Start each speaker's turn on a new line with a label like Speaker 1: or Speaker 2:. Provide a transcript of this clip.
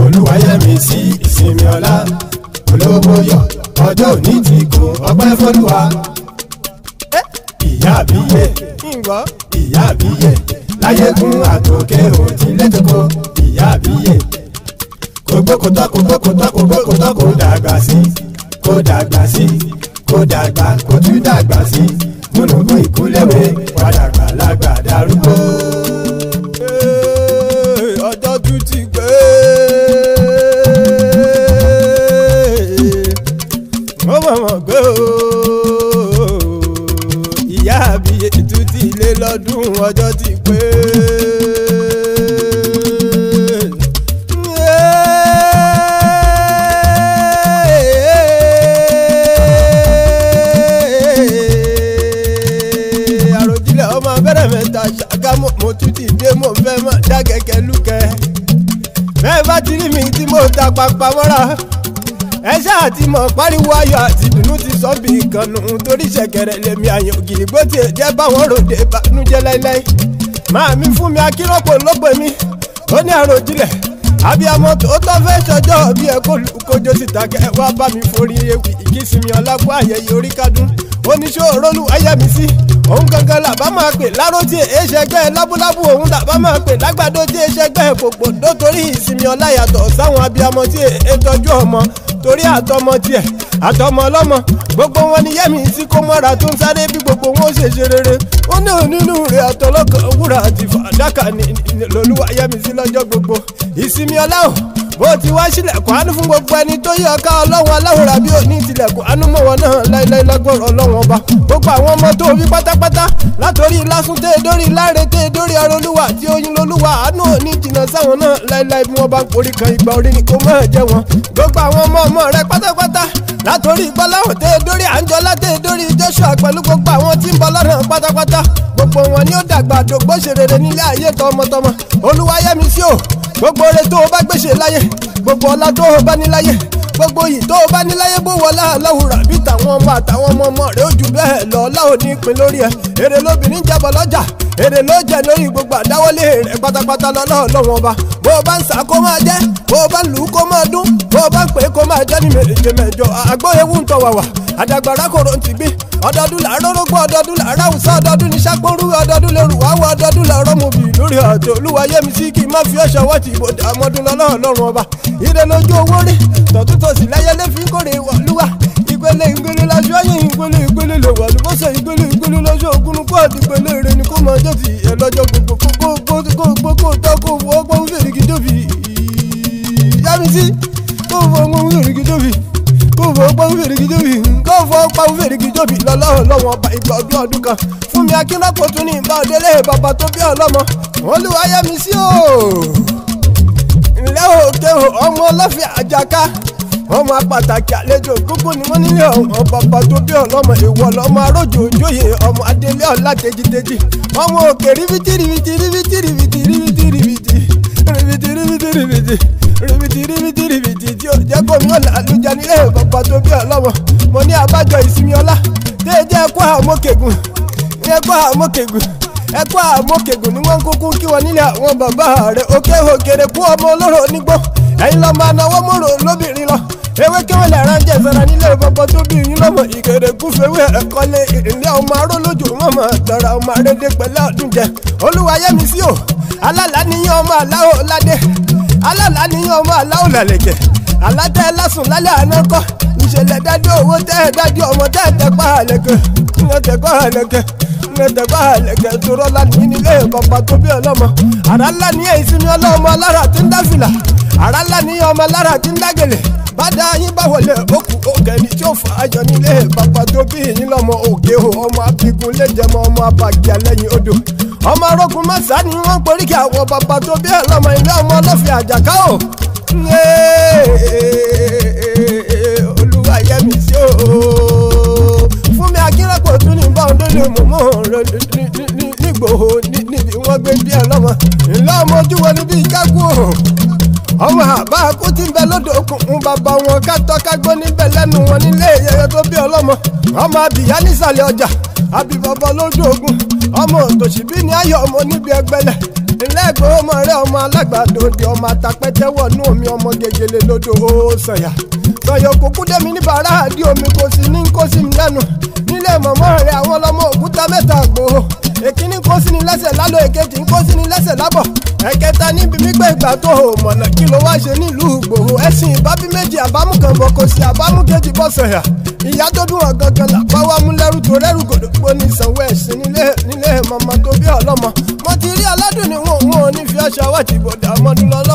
Speaker 1: olúwayẹmísì ìsinmi ọlá olóbóyọ ọjọ́ òní ti kún ọpẹ́ fọlúwa ìyá àbíyè ìyá àbíyè láyégún àtòkè òtí lẹ́tọ̀kọ ìyá àbíyè kògbókòtọ́ kògbókòtọ́ kògbókòtọ́ kò dàgbà sí kò dàgbà sí kò dàgbà kò tún dàgbà sí múnú kú ìkúlẹ̀wé. mọ̀ pé o ìyá àbíyè tún ti lé lọ́dún ọjọ́ ti pé. àròjinlẹ̀ ọmọ abẹ́rẹ́ mẹ́ta ṣàgámọ̀ mo tún ti dé mo fẹ́ mọ̀ dá kẹ̀kẹ́ lúkẹ́ bẹ́ẹ̀ bá ti rí mi tí mo ta papá mọ́ra ẹ ṣáà ti mọ̀ pariwo ayọ̀ àti ìbínú ti sọ bí ìkànnù torí ṣẹ̀kẹ̀rẹ̀ lèmi àyàn ògiri bó tiẹ̀ jẹ́ báwọn ròde ìbànújẹ́ láíláí máa mi fún mi akírọ́pò ló pè mí ó ní àròjinlẹ̀ abiyamọ tó tọ́ fẹ́ ṣọjọ́ bí ẹ kó lu kójó síta kẹ wá bá mi forí ewì ìkísìmí ọlápò ayẹyẹ orí kádùn oníṣòro lu ẹyẹ mi sí òun gangan làbá máa pè láró tí èéṣẹgbẹ́ lábúlábú òun làbá máa pè lágbàdo tí èéṣẹgbẹ́ kòkòdó torí ìsinmi ọláyàtọ̀ sáwọn abiyamọ tí èé tọ́jú ọmọ torí àtọmọ tiẹ̀ àtọmọ ọlọ́mọ gbogbo wọn ni yẹ́mi sí kó mọ́ra tó ń sáré bí gbogbo wọn ṣe ṣe rere ó ní onínú rẹ̀ àtọlọ́kọ̀ wúrà àti fàdákà ní lọ́lúwa yẹ́mi sí lọ́jọ́ gbogbo ìsinmi ọlá o bó ti wá sílẹ̀kùn àánú fún gbogbo ẹni tó yẹ ọ̀ká ọlọ́run aláwòrán bí òní tilẹ̀kùn àánú mọ̀ wọn náà láíláí lágbọ́rọ̀ ọlọ́run ọba gbogbo àwọn ọmọ tó wí pátápátá látòrí lásùn tẹ́ dórí láre tẹ́ dórí arólúwà tí oyin lólúwa àánú òní jìnnà sáwọn náà láíláí bí wọ́n bá forí kan ìgbà orí ni kò mọ̀ ẹ̀ wọn gbogbo àwọn ọmọ ọmọ rẹ pátápátá látòrí Joshua pẹ̀lú gbogbo àwọn tí ń bọ̀ lọ́nà pátápátá gbogbo wọn ni ó dàgbà dògbò ṣe rere nílé ayé tọmọtọmọ Olúwayẹmisí o gbogbo oore tó o bá gbèsè láyé gbogbo ọlá tó o bá ní láyé gbogbo yìí tó o bá ní láyé bó wọlá aláwùrà bí tàwọn ọmọ àtàwọn ọmọ ọmọ rẹ ó jù bẹ́ẹ̀ lọ láwọn onípín lórí ẹ èrè lóbìnrin jábọ̀ lọ́jà èrè ló jẹ lórí gbogbo àdáwọlé rẹ pátápátá lọ́lọ́ọ̀ lọ́wọ́n ọba bó o bá ń sá kó máa jẹ́ bó o bá ń lù ú kó máa dún bó o bá ń pè é kó máa jẹ́ ní mèrèjèmẹ̀jọ àgbóyewu ń tọ̀ wàwà àdàgbàrá kòrò ń ti bí ọdọọdún làárọ̀ orógbó ọdọọdún làárọ̀ àwùsá ọdọọdún ní sápóru ọdọọdún lóru wáwọ ọdọọdún làárọ̀ mo bì lórí àti olúwa yé mi sí kí n má fi ọ̀ṣọ́ wọ́ọ̀tì ìbò dààmọ́dún lọ́nà ọlọ́run ọba ìdènà ojú owó rí tọ̀tútọ̀sí láyẹlé fi ń kórè wọ̀lúwà ìpele ìgbélé lọ́jọ́ yìí ìgbélé ìgbélé lè wà lùbọ́sẹ̀ ìgbélé ìgbélé lọ́jọ́ ògúnnukú àti ìpele rẹ̀ ni kó máa jẹ́ ti ẹ̀ lọ́jọ́ gbogbo kó tọ́ kó fọ́ ọgbọ́n fèrèkì tóbi yá mi sí kó fọ́ ọgbọ́n fèrèkì tóbi. fò pọ́wú fèrègìjòbì kó fò pọ́wú fèrègìjòbì lọ́lọ́run lọ́wọ́n ọba ìgbà ọdún ọdún kan fún mi tún ní ìbá bàbá tó bí ọlọ́mọ olúwa yẹ mi sí o. ìlẹ́ òkè ọmọ ọlọ́fẹ́ àjàká ọmọ pàtàkì àlejò gógó ni wọ́n nílé ọmọ bàbá tó bí ọlọ́mọ ìwọ lọ́mọ arójò òjòyè ọmọ adélé rìbìtì rìbìtì rìbìtì tí jẹ́ tó bí ọlọ́wọ́ mo ní àbájọ ìsinmi ọlá déédéé ẹ̀kọ́ àmọ́kẹ́gùn ní ẹ̀kọ́ ni wọ́n ń kúkú kí wọn nílé àwọn bàbá rẹ̀ òkè òkèrè kú ọmọ olóró onígbó ẹ̀yin lọ máa náwó mòrò lóbìnrin lọ ewé kéwé lẹ́ran jẹ́ sara nílé bàbá tó bí yín lọ́mọ ìkèrè kúfẹ́wé ẹ̀kọ́ lé ma ọmọ ọmọ ọdún jẹ o alálà níyàn ọmọ aláwọ̀ ládé alálà níyàn ọmọ lásùn ìṣẹ̀lẹ̀ dájú owó tẹ́ dájú ọmọ tẹ́ tẹ́pá àlẹ́kẹ́ ńlẹ́ tẹ́pá àlẹ́kẹ́ ńlẹ́ tẹ́pá àlẹ́kẹ́ sọ̀rọ̀ lánìí nílé bàbá tó bí ọlọ́mọ àrà ńlá ní ìsinmi ọlọ́mọ alára tí ń dá fìlà àrà ńlá ní ọmọ alára tí ń dá gèlè bàdá yín bá wọlé òkú òkè ní tí ó fà á yọ nílé bàbá tó bí yín lọ́mọ òkè o ọmọ abigun léjẹmọ ọmọ abàgìyà lẹ́yìn odò ọmọ arógun mẹ́sàn-án ni wọ́n poríkì àwọn bàbá tó bí ẹ̀ lọ́mọ ilé ọmọ ọlọ́fin àjàká o. sí o fún mi akínlẹ́kọ̀ọ́ tún ní bá ọdún lè rẹ nígbòho níbi wọ́n gbé díẹ̀ lọ́mọ ọmọ ojú wọn níbi ọmọ àbá kú ti bẹ lọ́dọ̀ okùnkùn bàbá wọn kátọ́ kágbó níbẹ̀ lẹ́nu wọn nílé ọlọ́mọ ọmọ abìyá nísàlẹ̀ ọjà lójú ọmọ ọmọ níbi ẹgbẹ́lẹ̀ ọmọ ọmọ alágbàdo ọmọ nú ọmọ lọ́yọ̀ òkùnkùn dẹ́mi ní bàárà àdí omi kò sí ní kó sí mi lẹ́nu nílé mọ̀mọ́ rẹ̀ àwọn ọlọ́mọ òkúta mẹ́ta gbòó èkíní sí ni lẹ́sẹ̀ lálọ́ èkejì ń kó sí ni lẹ́sẹ̀ lábọ̀ ẹ̀kẹta níbi mígbẹ́ ìgbà tó o mọ̀nà kí ló wá ṣe nílùú Ìgbòho ẹ̀sìn ìbábí méjì àbámú kan bọ̀ kò sí àbámú kejì bọ̀ sọ̀yà ìyá tó wọn gangan làpá mú tó ní ìsanwó ẹ̀sìn nílé tó bí ọlọ́mọ